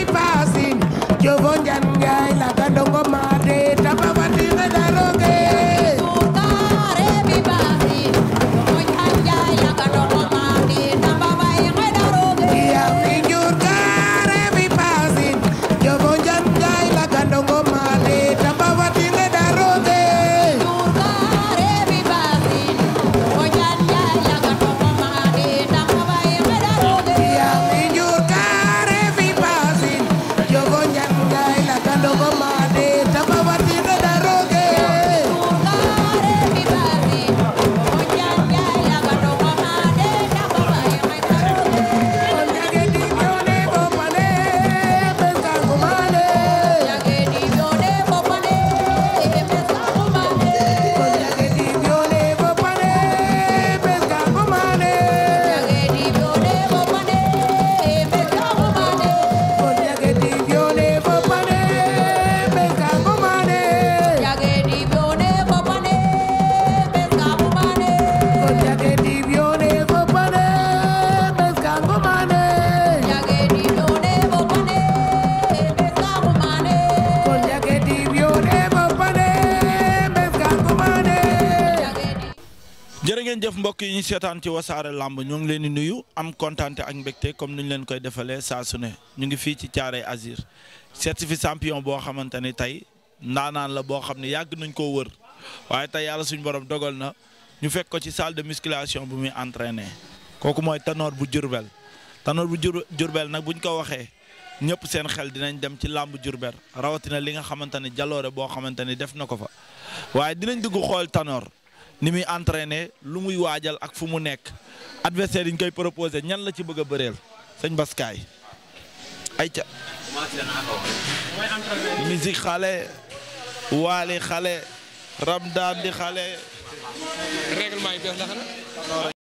i passing jovon jangan jërëjëf mbokk yi ñu seetaan ci wasaare làmb ñoo ngi leen di nuyu am kontaante ak mbégte comme ni ñu leen koy defalee saa sune ñu ngi fii ci Thiaroye Azur certifié champion boo xamante ni tey ndaanaan la boo xam ne yàgg nañ koo wër waaye tey yàlla suñu borom dogal na ñu fekk ko ci salle de musculation bu muy entraîné kooku mooy Tanor bu Diourbel Tanor bu Diourbel nag buñ ko waxee ñëpp seen xel dinañ dem ci làmb Diourbel rawatina li nga xamante ne jaloore boo xamante ni def na ko fa waaye dinañ dugg xool Tanor ni muy entraîné lu muy waajal ak fu mu nekk adversaire yiñ koy proposé ñan la ci bëgg a bëreel sëñ Baskaay ayca musique xale waali xale ramdaan di xale règlement yi bees la xanaa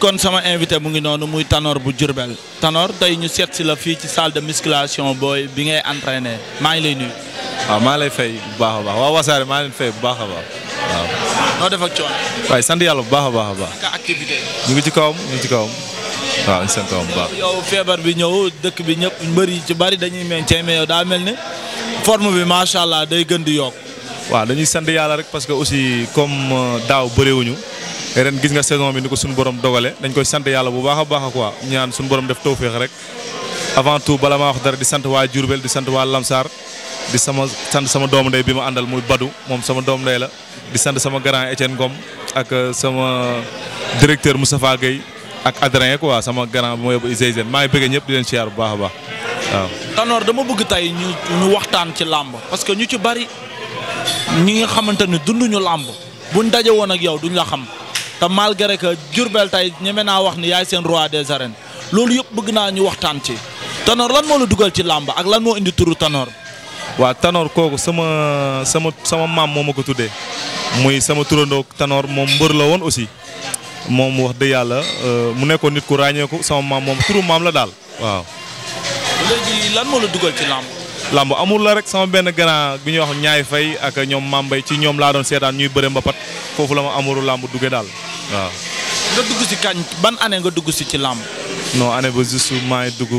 kon sama invité mu ngi noonu muy Tanor bu Diourbel Tanor tey ñu seet si la fii ci salle de musculation booy bi ngay entrainé maa ngi lay nuyu. waaw maa lay fay bu baax a baax waaw wasaare maa leen fay bu baax a baax waaw. noo def sant yàlla bu baax a baax a baax. ak activité ñu ngi ci kawam ñu ngi ci waaw ñu sant kawam bu feebar bi ñëw dëkk bi ñëpp mbër ci bari dañuy meññ mais yow daa mel ni forme bi macha allah day gën di yokk. waaw dañuy sand yàlla rek parce que aussi comme euh, daaw bëriwuñu. ren gis nga saison bi ni ko suñu borom dogale dañ koy sant yàlla bu baax a baax ñaan suñu borom def tawféex rek avant tout bala maa wax dara di sant waa Diourbel di sant waa Lamsar di sama sant sama doomu ndey bi ma àndal muy Badou moom sama doomu ndey la di sant sama grand Etienne Ngom ak euh, sama directeur Moustapha Gueye ak Adrien quoi sama grand mooy Zeyzen maa ngi bëggee ñëpp di leen siyaar bu baax a baax waaw. Tanor dama bëgg tey ñu ñu waxtaan ci làmb parce que ñu ci bari ñi nga xamante ne dunduñu làmb te malgré que Diourbel tey ñeme naa wax ni yaay seen roi des arènes loolu yëpp bëgg naa ñu waxtaan ci Tanor lan moo la dugal ci làmb ak lan moo indi turu Tanor. waaw Tanor kooku sama sama sama maam moo ma ko tuddee muy sama turandoo Tanor moom mbër la woon aussi moom wax dëgg yàlla euh, mu nekkoon nit ku ràññeeku sama maam moom turu maam la daal waaw. lan moo dugal ci làmb. làmb amul la rek sama benn grand bi ñuy wax ñaay fay ak ñoom Mambay ci ñoom laa doon seetaan ñuy bëre mbapat foofu la ma amuru làmb duggee daal. waaw. nga dugg si kañ ban année nga dugg si ci làmb. no année ba juste maa dugg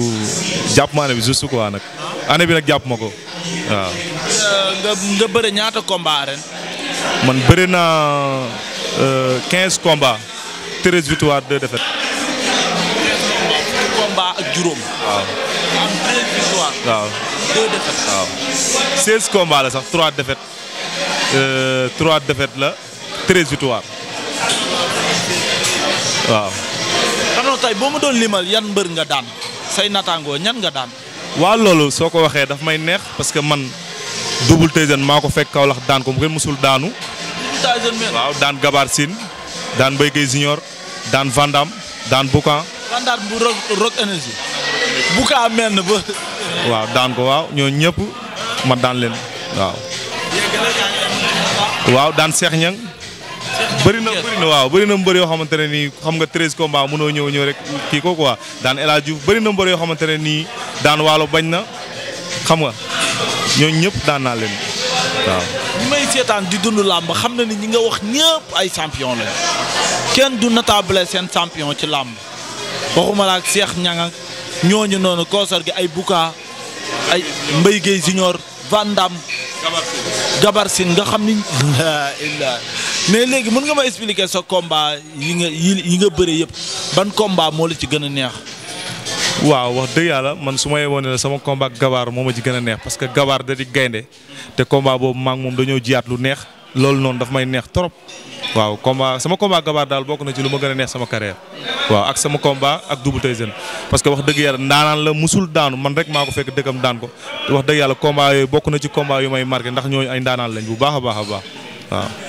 jàpp ma année bi juste quoi nag. année bi nag jàpp ma ko waaw. Euh, nga bëre ñaata combat ren. man bëri naa euh, quinze combats treize victoires deux défaites. quinze combats ak juróom. waaw. am treize victoires. waaw deux défaites. waaw seize combats la sax trois défaites euh, trois défaites la treize victoires. waaw. Arnaud tey boo ma doon limal yan mbër nga daan say nataangoo ñan nga daan. waa loolu soo ko waxee dafa may neex parce que man Double Tyson maa ko fekk Kaolack daan ko mu kenn musul daanu. waaw daan Gabar Sine daan Béykay Junior daan Vandam daan Boucan. Vandam bu rock rock énergie. Boucan mel na ba. waaw daan ko waaw ñooñu ñëpp ma daan leen waaw. daan Cheikh Niang. bëri na waaw bëri na mbër yoo xamante ne nii xam nga 13 combats mënoo ñëw ñëw rek kii ko quoi daan El Hadj Diouf bëri na mbër yoo xamante ne nii daan waalo bañ na xam nga ñooñu ñëpp daan naa leen waaw. may seetaan di dund làmb xam na ni ñi nga wax ñëpp ay champion lañ kenn du notable seen champion ci làmb waxuma la ak Cheikh Niang ñooñu noonu koosar gi ay Bouka ay Mbaye Guèye Junior Vandam. Gabar Gabar Sine nga xam ni. mais léegi mën nga ma expliquer sa combat yi nga yi nga bëre yëpp ban combat moo la ci gën a neex. waaw wax dëgg yàlla man su ma yewoon ne la sama combat gabaar moo ma ci gën a neex parce que gabaar da di gaynde te boobu maa ngi moom dañoo jiyaat lu neex loolu noonu daf may neex trop. waaw combat sama combat daal bokk na ci lu ma gën neex sama carrière waaw ak sama combat ak Double Tyson parce que wax dëgg yàlla ndaanaan la musul daanu man rek maa ko fekk dëkkam daan ko wax dëgg yàlla combat yooyu bokk na ci combat yu may marqué ndax ñooñu ay ndaanaan lañ bu baax a baax a baax waaw.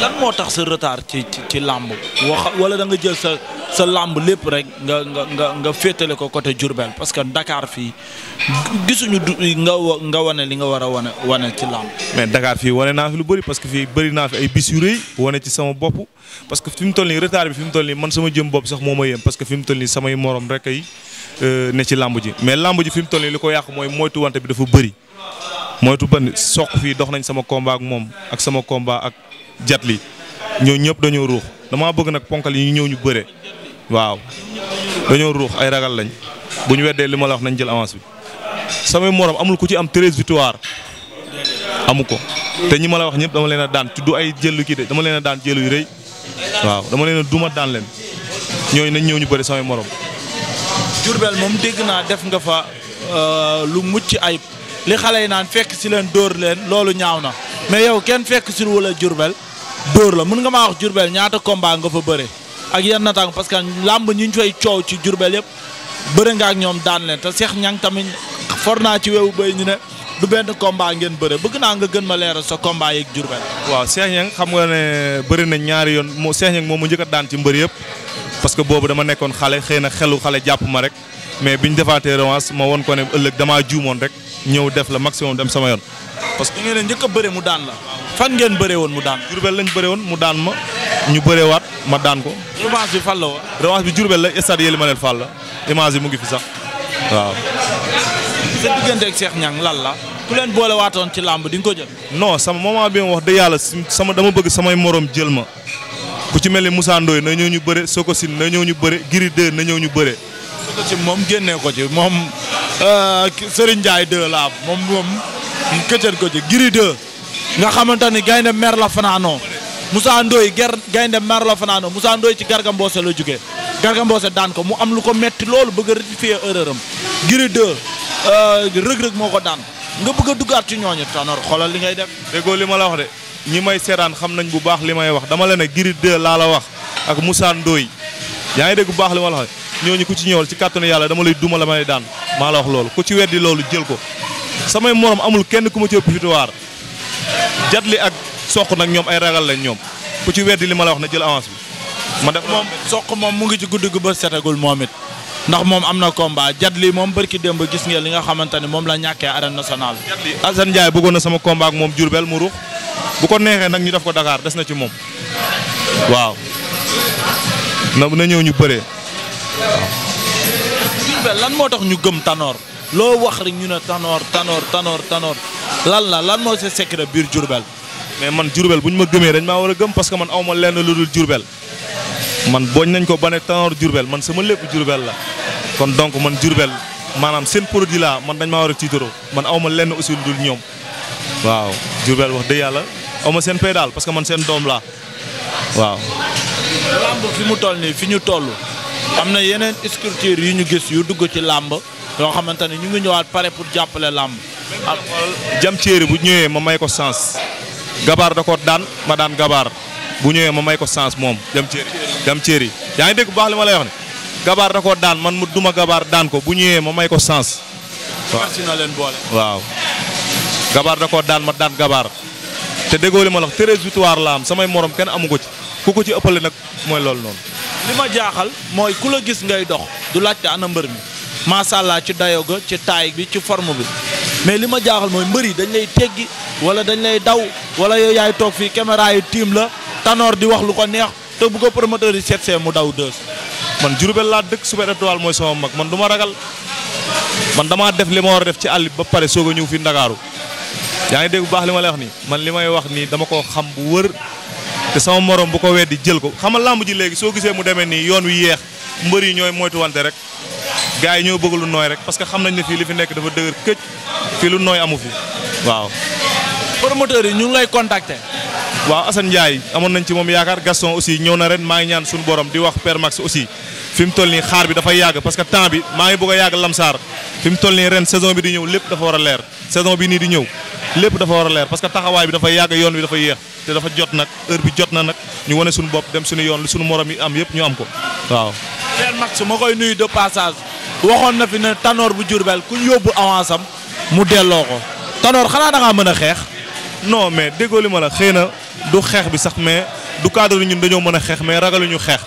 lan moo tax sa retar ci ci làmb wax wala da nga jël sa sa làmb lépp rek nga nga nga nga féetale ko côté Diourbel parce que dakaar fii gisuñu du nga nga wane li nga war a wane wane ci làmb. mais Dakar fii wane naa fi lu bari parce que fii bëri naa fi ay bis yu rëy wane ci sama bopp parce que fi mu toll nii retard bi fi mu toll nii man sama jëm bopp sax moo ma yem parce que fi mu toll nii samay morom rek ay euh, ne ci làmb ji mais làmb ji fi mu toll nii li ko yàqu mooy moytu wante bi dafa bëri moytu ban soq fii dox nañ sama combat ak moom ak sama combat ak. jat li ñoo ñëpp dañoo ruux damaa bëgg nag ponkal yi ñu ñëw ñu bëre waaw dañoo ruux ay ragal lañ bu ñu weddee li ma la wax nañ jël avance bi samay morom amul ku ci am treize victoire amu ko te ñi ma la wax ñëpp dama leen a daan du ay jël kii de dama leen a daan jël yu rëy waaw dama leen a duma daan leen ñooñu nañ ñëw ñu bëri samay morom. Diourbel moom dégg naa def nga fa euh, lu mucc ayib li xale yi naan fekk si leen dóor leen loolu ñaaw na mais yow kenn fekk si wala Diourbel dóor la mun nga maa wax Diourbel ñaata combat nga fa bëre ak yan nattaang parce que làmb ñi ñu fay coow ci Diourbel yëpp bëre nga ñoom daan leen te Cheikh Niang tamit for naa ci wewu béy ñu ne du benn combat ngeen bëre bëgg naa nga gën ma leeral sa combat yeeg Diourbel. waaw Cheikh Niang xam nga ne bëri na ñaari yoon moo Cheikh Niang moom mu njëkk a daan ci mbër yëpp parce que boobu dama nekkoon xale xëy na xelu xale jàpp ma rek mais biñ defaatee revanche ma won ko ne ëllëg dama juumoon rek ñëw def la maximum dem sama yoon. parce que ngeen njëkk a bëre mu daan la. fan ngeen bëree woon mu daan. Jurbel lañ bëree woon mu daan ma ñu waat ma daan ko. revanche bi fan la woon. revanche bi Jurbel la stade Ely Manel Fall la image yi mu ngi fi sax waaw. sa diggante ak lan la. ku leen boole ci làmb di ko jël. non sama moment wax dëgg yàlla sama dama bëgg samay moroom jël ma ku ci mel ni Moussa na ñëw ñu bëre Sokocine na ñëw ñu bëre Giri 2 na ñëw ñu bëre. ko ci moom génnee ko ci moom euh, Serigne Ndiaye 2 la moom moom këccët ko ci giri 2 nga xamante ni gaynde mer la fanaanoo Moussa Ndoye ger gaynde mer la fanaanoo Moussa Ndoye ci Garga Mbossé la jógee Garga Mbossé daan ko mu am lu ko metti loolu bëgg a rectifier erreur am giri 2 rëg-rëg moo ko daan nga bëgg a duggaat ci ñooñu Tanor xoolal li ngay def déggoo li ma la wax de ñi may seetaan xam nañ bu baax li may wax dama leen ne giri 2 laa la wax ak Moussa Ndoye yaa ngi dégg bu baax li ma ñëw ñooñu ku ci ñëwal ci kàttanu yàlla dama lay duma la may daan maa la wax loolu ku ci weddi loolu jël ko samay morom amul kenn ku ma ci ëpp victoire jatli ak soq nag ñoom ay ragal lañ ñoom ku ci weddi li ma la wax na jël avance bi ma def moom soq moom mu ngi ci guddi gu bët setagul moom it ndax moom am na combat jatli moom bërki démb gis ngeen li nga xamante ne moom la ñàkkee arène nationale jatli Assane bëggoon na sama combat ak moom Diourbel mu ruux bu ko neexee nag ñu def ko Dakar des na ci moom na ñëw ñu bëree Diourbel lan moo tax ñu gëm Tanor loo wax rek ñu ne Tanor tanoor tanoor Tanor lan la lan moo sa secret biir Diourbel. mais man Diourbel bu ñu ma gëmee dañ maa war a gëm parce que man aw ma lenn lu dul Diourbel man booñ nañ ko ba ne Tanor Diourbel man sama lépp Diourbel la kon donc man Diourbel maanaam seen produit la man dañ maa war a tiitaroo man aw ma lenn aussi lu dul ñoom waaw Diourbel wax dëgg yàlla aw ma seen pay daal parce que man seen doom laa waaw. lamb ñu toll am na yeneen sculpture yi ñu gis yu dugg ci làmb yoo xamante ne ñu ngi ñëwaat pare pour jàppale làmb. am ah, jam céeri bu ñëwee ma may ko sens. gabaar da ko daan ma daan gabaar bu ñëwee ma may ko sens moom jam céeri jam céeri yaa ngi dégg baax li ma lay wax da ko daan man mu duma gabaar daan ko bu ñëwee ma may ko sens. waaw waaw. gabaar da ko daan ma daan gabaar. te déggoo li ma la wax treize victoire la am samay morom kenn amu ko ci ku ko ci ëppale nag mooy loolu noonu. li ma jaaxal mooy ku la gis ngay dox du laajte ana mbër mi macha allah ci dayo ga ci taay bi ci forme bi mais li ma jaaxal mooy mbër yi dañ lay teggi wala dañ lay daw wala yaay toog fii caméra yi tiim la tanoor di wax lu ko neex te bu ko promoteur yi seet see mu daw dës. man Diourbel laa dëkk Super Étoile mooy sama mag man duma ragal man damaa def li ma war a def ci àll bi ba pare soog a ñëw fii Ndakaaru yaa ngi dégg bu baax li ma lay wax nii man li may wax nii dama ko xam bu wër te sama morom bu ko weddi jël ko xama lamb ji léegi soo gisee mu demee nii yoon wi yeex mbër yi ñooy moytuwante rek gars yi ñoo bëgg lu nooy rek parce que xam nañ ne fii li fi nekk dafa dëgër këj fii lu nooy amu fi waaw. promoteurs yi ñu ngi lay contacter. waaw Assane Ndiaye amoon nañ ci moom yaakaar Gaston aussi ñëw na ren maa ngi ñaan suñu borom di wax Père Max aussi fi mu toll nii xaar bi dafa yàgg parce que temps bi maa ngi bëgg a yàgg Lamsaar fi toll nii ren saison bi di ñëw lépp dafa war a leer saison bi nii di ñëw lépp dafa war a leer parce que taxawaay bi dafa yàgg yoon bi dafa yéex te dafa jot nag heure bi jot na nag ñu wane suñu bopp dem suñu yoon li suñu morom yi am yëpp ñu am ko waaw. seen max ma koy nuyu de passage waxoon na fi ne Tanor bu Diourbel ku ñu yóbbu avance am mu delloo ko Tanor xanaa da mën a xeex. non mais déggoo li ma la xëy na du xeex bi sax mais du cadre ñu dañoo mën a xeex mais ragaluñu xeex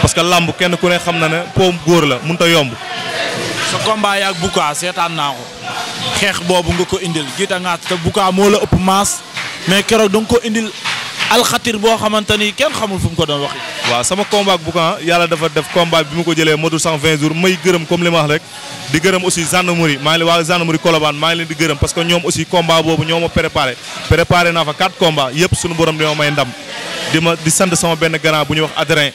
parce que làmb kenn ku ne xam na ne poom góor la mënut a yomb sa combat yaak Bouka seetaan naa ko xeex boobu nga ko indil jiita ngaat te Bouka moo la ëpp maas mais keroog da nga ko indil alxatir boo xamante ni kenn xamul fu mu ko doon waxi waaw sama combat ak yàlla dafa def combat bi mu ko jëlee motul 120 jours may gërëm ma wax rek di gërëm aussi gendarmerie maa ngi leen waa gendarmerie Colobane maa ngi leen di gërëm parce que ñoom aussi combat boobu ñoo ma préparé préparé naa fa quatre combats yëpp suñu borom ñoo may ndam di ma sant sama benn grand bu ñuy wax Adrien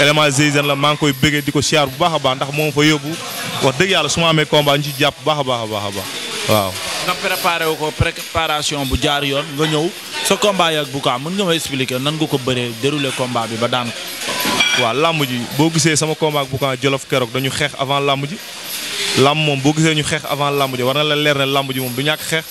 élément Zeyzen la maa ngi koy di ko siyaar bu baax a baax ndax moom fa yóbbu wax dëgg yàlla su ma amee combat ñu ci jàpp baax a baax a baax a baax waaw. nga préparé ko préparation bu jaar yoon nga ñëw sa combat yak bu ko am mën nga ma expliquer nan nga ko bëree déroulé combat bi ba daan ko. waaw làmb ji boo gisee sama combat ak bu ko jolof keroog dañu xeex avant làmb ji làmb moom boo gisee ñu xeex avant làmb ji war na la leer ne làmb ji moom du ñàkk xeex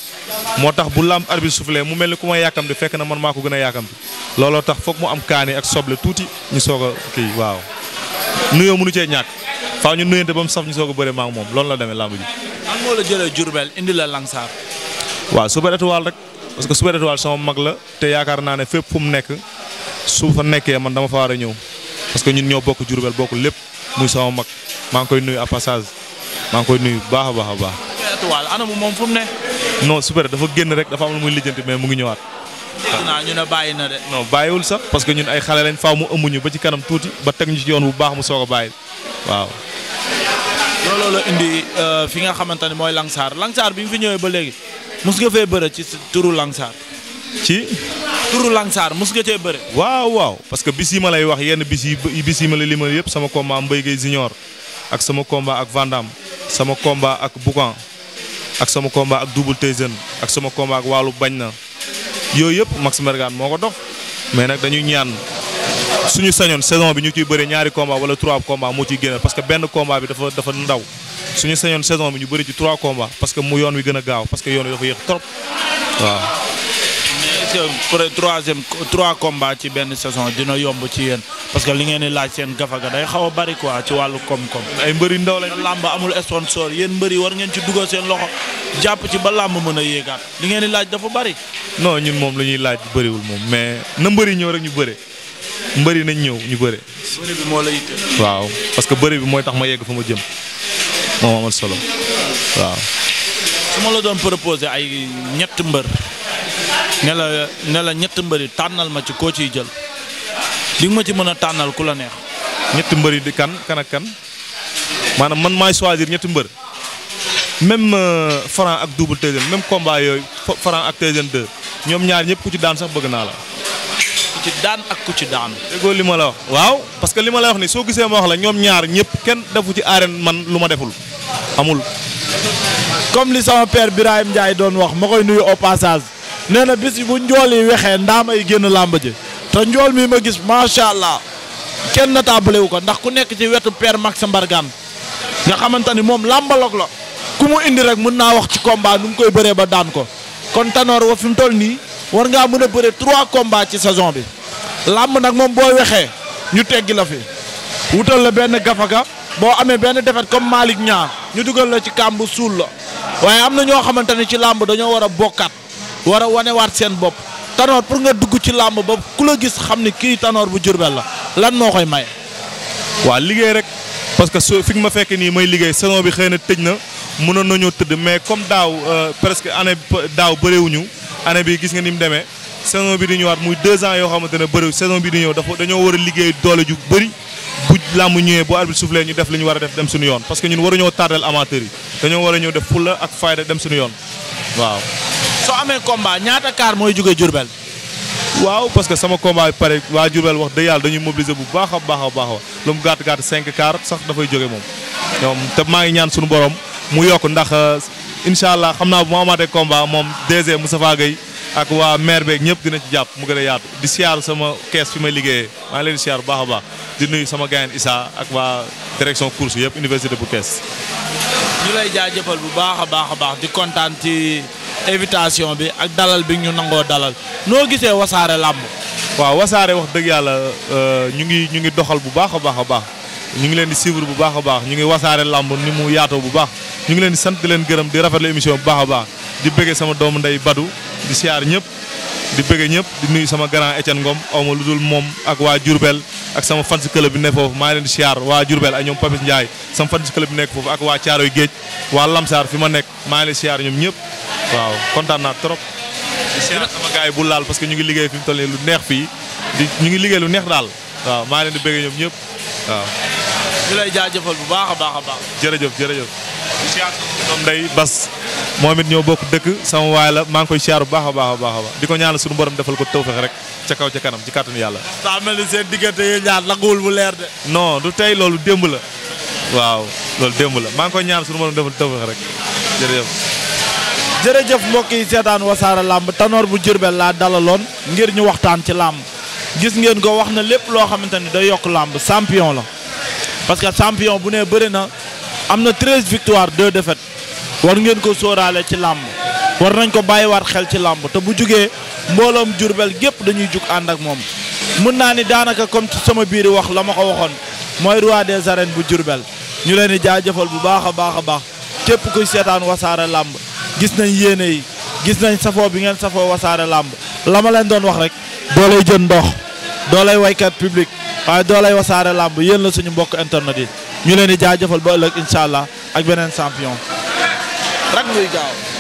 moo tax bu làmb arbitre soufflé mu mel ni ku may yàkkamti fekk na man maa ko gën a yàkkamti looloo tax foog mu am kaani ak soble tuuti ñu soog a kii faaw ñu nuyante ba mu saf ñu soog a bëre maa ngi moom loolu la demee lamb ji. lan moo la jëlee Diourbel indi la Langsar. waaw Super Étoile rek parce que Super Étoile sama mag la te yaakaar naa ne fépp fu mu nekk su fa nekkee man dama fa war a ñëw parce que ñun ñoo bokk Diourbel bokk lépp muy sama mag maa ngi koy nuyu à passage maa ngi koy nuy bu baax a baax a baax. Super Étoile ana mu moom fu ne. non Super dafa génn rek dafa am lu muy lijjanti mais mu ngi ñëwaat. dégg naa bàyyi na de. non bàyyiwul sax parce que ñun ay xale lañ faa mu ëmmuñu ba ci kanam tuuti ba teg ñu ci yoon bu baax mu soog a bàyyi waaw looloo la indi euh, fi nga xamante ne mooy Langsar Langsar bi nga fi ñëwee ba léegi mos nga fee bëre ci turu Langsar. ci. turu Langsar mos nga cee bëre. waaw waaw parce que bis yi ma lay wax yenn bis yi bis yi ma la limal yëpp sama combat Mbaye Guèye Junior ak sama combat ak Vandam sama combat ak Boucan ak sama combat ak Double Tyson ak sama combat ak waalu bañ na yooyu yëpp Max Mergan moo ko dox mais nag dañuy ñaan suñu sañoon saison bi ñu ciy bëri ñaari combat wala trois combat moo ciy génn parce que benn combat bi dafa dafa ndaw suñu sañoon saison bi ñu bëri ci trois combat parce que mu yoon wi gën a gaaw parce que yoon wi dafa yéex waaw. troisième trois combats ci benn saison dina yomb ci yéen parce que li ngeen di laaj seen gafaga day xaw a bari quoi ci wàllu koom-koom. ay mbëri ndaw lañ làmb amul sponsor yéen mbëri war ngeen ci dugal seen loxo jàpp ci ba làmb mën a yéegaat li di laaj dafa bari. non ñun moom lu ñuy laaj bëriwul moom mais na mbëri ñëw rek ñu bëre. mbër mbëri nañ ñëw ñu bëre. bëri bi waaw parce que bëri bi mooy tax ma yegg fa ma jëm moo amal solo waaw. su ma la doon proposé ay ñetti mbër ne la ne la mbër yi tànnal ma ci koo ciy jël di ma ci mën a tànnal ku la neex. ñetti mbër yi di kan kan maanaam man maay choisir ñetti mbër même euh, Franc ak Double Tyson même combat yooyu Franc ak Tyson 2 ñoom ñaar ñëpp ku ci daan sax bëgg naa la. ci daan ak ku ci daan déggoo li ma la wax waaw parce li ma la wax ni soo gisee ma wax la ñoom ñaar ñëpp kenn defu ci arène man lu ma deful amul comme li sama père Birahim Ndiaye doon wax ma koy nuyu au passage nee na bis bu njool yi wexee ndaama yi génn làmba ji te njool mi ma gis macha allah kenn na taabalewu ko ndax ku nekk ci wetu père Max Mbargane nga xamante ni moom làmbaloog la ku mu indi rek mën naa wax ci combat nu mu koy bëree ba daan ko war ngaa mën a bëre trois combats ci saison bi làmb nag moom boo wexee ñu teggi la fi wutal la benn gafaga boo amee benn defet comme Malick ñaar ñu dugal la ci kàmb suul la waaye am na ñoo xamante ne ci làmb dañoo war a bokkaat war a wanewaat seen bopp tanoor pour nga dugg ci làmb ba ku la gis xam ni kii tanoor bu Jurbel la lan moo koy may waa liggéey rek parce que su fi ma fekk nii may liggéey saison bi xëy na tëj na na nañoo tëdd mais comme daaw euh, presque année daaw bëreewuñu année bi gis nga ni mu demee saison bi di ñëwaat muy deux ans yoo xamante ne bëri saison bi di ñëw dafa dañoo war a liggéey doole ju bëri bu làmb ñëwee bu arbitre soufflé ñu def li ñu war a def dem suñu yoon parce que ñun waruñoo tardel amateur yi dañoo war a ñëw def fulla ak fayda dem suñu yoon waaw. soo amee combat ñaata kaar mooy jóge Diourbel. waaw parce que sama combat bi pare waa Diourbel wax dëgg yàlla dañuy mobiliser bu baax a baax a baax lu mu gàtt gàtt cinq moom ñoom maa ngi ñaan suñu borom mu yokk ndax incha allah xam naa bu ma amaatee combat moom DG Moustapha Gueye ak waa maire beeg ñëpp dina ci jàpp mu gën a yaatu di siyaar sama kees fi may liggéeyee maa ngi leen siyaar baax a baax di nuyu sama gayen Issa ak waa direction course yëpp université bu kees. ñu lay jaajëfal bu baax a baax a baax di kontaan ci invitation bi ak dalal bi ñu nangoo dalal noo gisee wasaare làmb. waaw wasaare wax dëgg yàlla euh, ñu ngi ñu ngi doxal bu baax a baax a baax ñu ngi leen di suivre bu baax a baax ñu ngi wasaare làmb ni mu yaatoo bu baax ñu ngi leen di sant di leen gërëm di rafetlu émission bu baax a di bëggee sama doomu ndey Badu di siyaar ñëpp di bëggee ñëpp di nuyu sama grand Etienne Ngom aw ma lu dul moom ak waa Diourbel ak sama fans club bi ne foofu maa ngi leen di siyaar waa Diourbel ak ñoom Papis Ndiaye sama fans club bi nekk foofu ak waa Caaroy Géej waa Lamsaar fi ma nekk maa ngi ñoom ñëpp waaw kontaan naa trop di siyaar sama gars yi bu laal parce que ñu ngi liggéey fi mu toll lu neex fii ñu ngi liggéey lu neex daal waaw maa ngi leen di bëggee ñoom ñëpp waaw ñu lay jaajëfal bu baax a baax a baax. jërëjëf jërëjëf. ñoom day Bas moom it ñoo bokk dëkk sama waay la maa ngi koy siyaar bu baax a baax a baax di ko ñaanal suñu borom defal ko tawfeex rek ca kaw ca kanam ci kàttanu yàlla. daa mel ni seen diggante yéen ñaar nanguwul bu leer de. non du tey loolu démb la. waaw loolu démb la maa ngi koy ñaanal suñu borom defal tawfeex rek jërëjëf. jërëjëf mbokk yi seetaan wasaare làmb tanoor bu Jurbel laa dalaloon ngir ñu waxtaan ci làmb gis ngeen ko wax na lépp loo xamante ni day yokk làmb champion la parce que champion bu nee bëri na am na treize victoires deux défaites war ngeen ko sóoraale ci làmb war nañ ko bàyyiwaat xel ci làmb te bu jugee mbooloom Jurbel gépp dañuy jug ànd ak moom mën naa ni daanaka comme ci sama biir wax la ma ko waxoon mooy roi des arènes bu jurubeel ñu leen di jaajëfal bu baax a baax a baax képp kuy seetaan wasaare làmb gis nañ yéene yi gis nañ safoo bi ngeen safoo wasaare làmb la ma leen doon wax rek doo lay jën ndox doo lay waykat waaye doolay wasaare làmb yéen la suñu mbokk internet yi ñu leen di jaajëfal ba ëllëg incha allah ak beneen champion. rak muy gaaw.